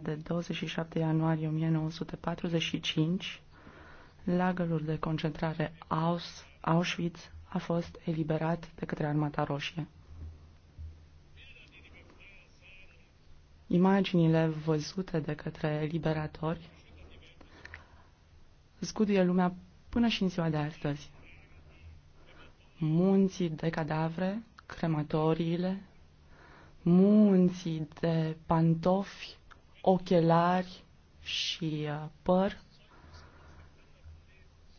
de 27 ianuarie 1945, lagărul de concentrare Aus, Auschwitz a fost eliberat de către Armata Roșie. Imaginile văzute de către liberatori zguduie lumea până și în ziua de astăzi. Munții de cadavre, crematoriile, munții de pantofi ochelari și uh, păr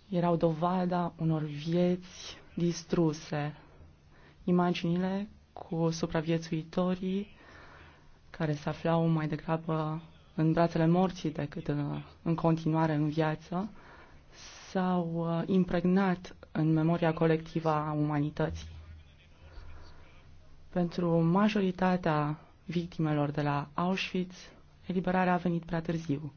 erau dovada unor vieți distruse. Imaginile cu supraviețuitorii care se aflau mai degrabă în brațele morții decât în, uh, în continuare în viață s-au uh, impregnat în memoria colectivă a umanității. Pentru majoritatea victimelor de la Auschwitz, Eliberarea a venit prea târziu.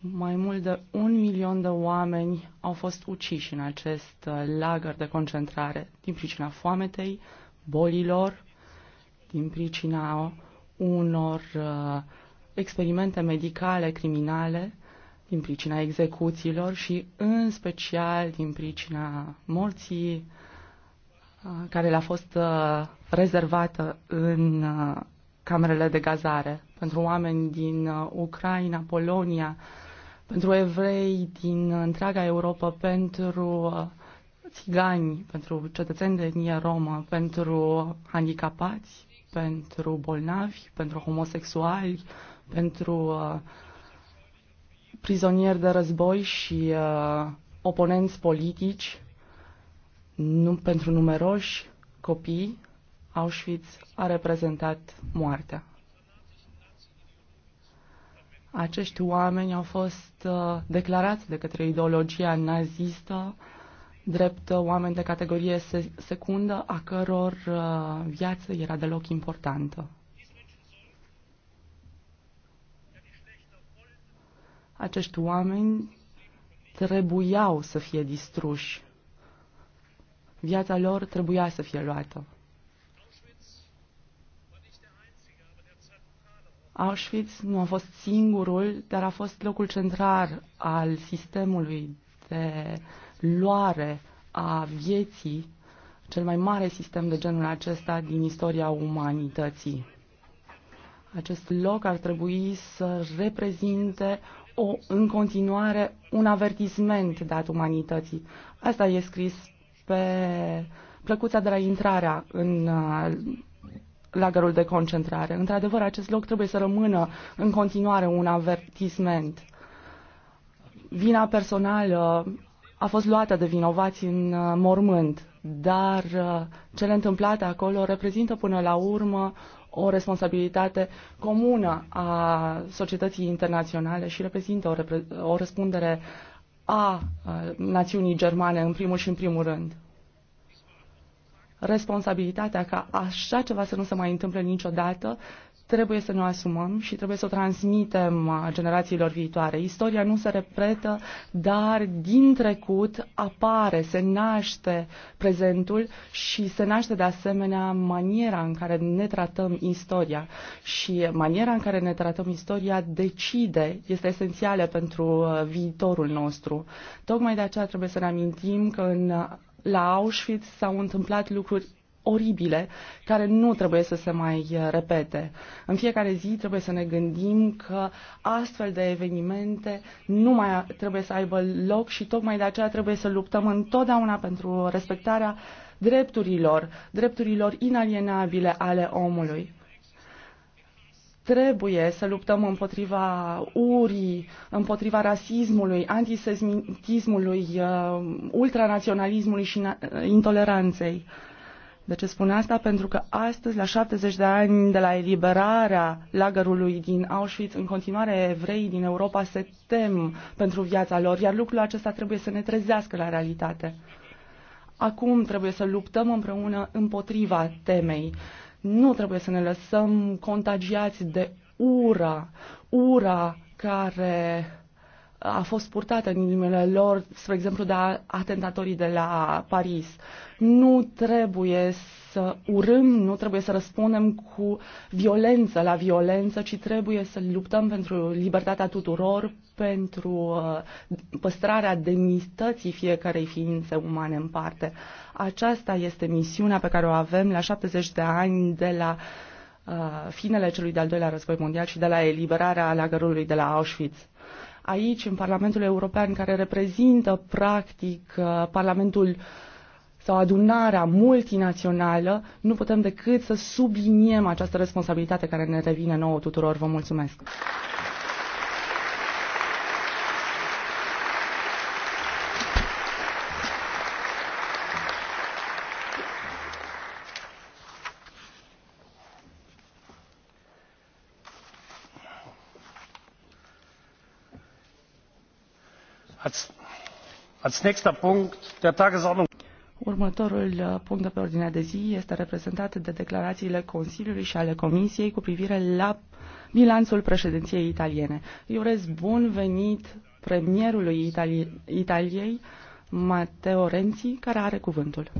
Mai mult de un milion de oameni au fost uciși în acest uh, lagăr de concentrare din pricina foametei, bolilor, din pricina unor uh, experimente medicale criminale, din pricina execuțiilor și în special din pricina morții uh, care le-a fost uh, rezervată în uh, camerele de gazare, pentru oameni din uh, Ucraina, Polonia, pentru evrei din uh, întreaga Europa, pentru uh, țigani, pentru cetățeni de etnie romă, pentru handicapați, pentru bolnavi, pentru homosexuali, pentru prizonieri de război și oponenți politici, nu pentru numeroși copii Auschwitz a reprezentat moartea. Acești oameni au fost uh, declarați de către ideologia nazistă drept uh, oameni de categorie secundă, a căror uh, viață era deloc importantă. Acești oameni trebuiau să fie distruși. Viața lor trebuia să fie luată. Auschwitz nu a fost singurul, dar a fost locul central al sistemului de luare a vieții, cel mai mare sistem de genul acesta din istoria umanității. Acest loc ar trebui să reprezinte o, în continuare un avertisment dat umanității. Asta e scris pe plăcuța de la intrarea în uh, lagărul de concentrare. Într-adevăr, acest loc trebuie să rămână în continuare un avertisment. Vina personală a fost luată de vinovați în uh, mormânt, dar uh, cele întâmplate acolo reprezintă până la urmă o responsabilitate comună a societății internaționale și reprezintă o, repre- o răspundere a uh, națiunii germane în primul și în primul rând responsabilitatea ca așa ceva să nu se mai întâmple niciodată trebuie să ne asumăm și trebuie să o transmitem uh, generațiilor viitoare. Istoria nu se repetă, dar din trecut apare, se naște prezentul și se naște de asemenea maniera în care ne tratăm istoria. Și maniera în care ne tratăm istoria decide, este esențială pentru uh, viitorul nostru. Tocmai de aceea trebuie să ne amintim că în la Auschwitz s-au întâmplat lucruri oribile care nu trebuie să se mai uh, repete. În fiecare zi trebuie să ne gândim că astfel de evenimente nu mai trebuie să aibă loc și tocmai de aceea trebuie să luptăm întotdeauna pentru respectarea drepturilor, drepturilor inalienabile ale omului. Trebuie să luptăm împotriva urii, împotriva rasismului, antisemitismului, uh, ultranaționalismului și uh, intoleranței. De ce spun asta? Pentru că astăzi, la 70 de ani de la eliberarea lagărului din Auschwitz, în continuare evrei din Europa se tem pentru viața lor, iar lucrul acesta trebuie să ne trezească la realitate. Acum trebuie să luptăm împreună împotriva temei. Nu trebuie să ne lăsăm contagiați de ura, ura care a fost purtată în inimile lor, spre exemplu, de atentatorii de la Paris. Nu trebuie să urâm, nu trebuie să răspundem cu violență la violență, ci trebuie să luptăm pentru libertatea tuturor, pentru uh, păstrarea demnității fiecarei ființe umane în parte. Aceasta este misiunea pe care o avem la 70 de ani de la uh, finele celui de-al doilea război mondial și de la eliberarea lagărului de la Auschwitz aici, în Parlamentul European, care reprezintă, practic, uh, Parlamentul sau adunarea multinațională, nu putem decât să subliniem această responsabilitate care ne revine nouă tuturor. Vă mulțumesc! următorul uh, punct de pe ordinea de zi este reprezentat de declarațiile consiliului și ale comisiei cu privire la bilanțul președinției italiene. îi urez bun venit premierului italiei matteo renzi care are cuvântul.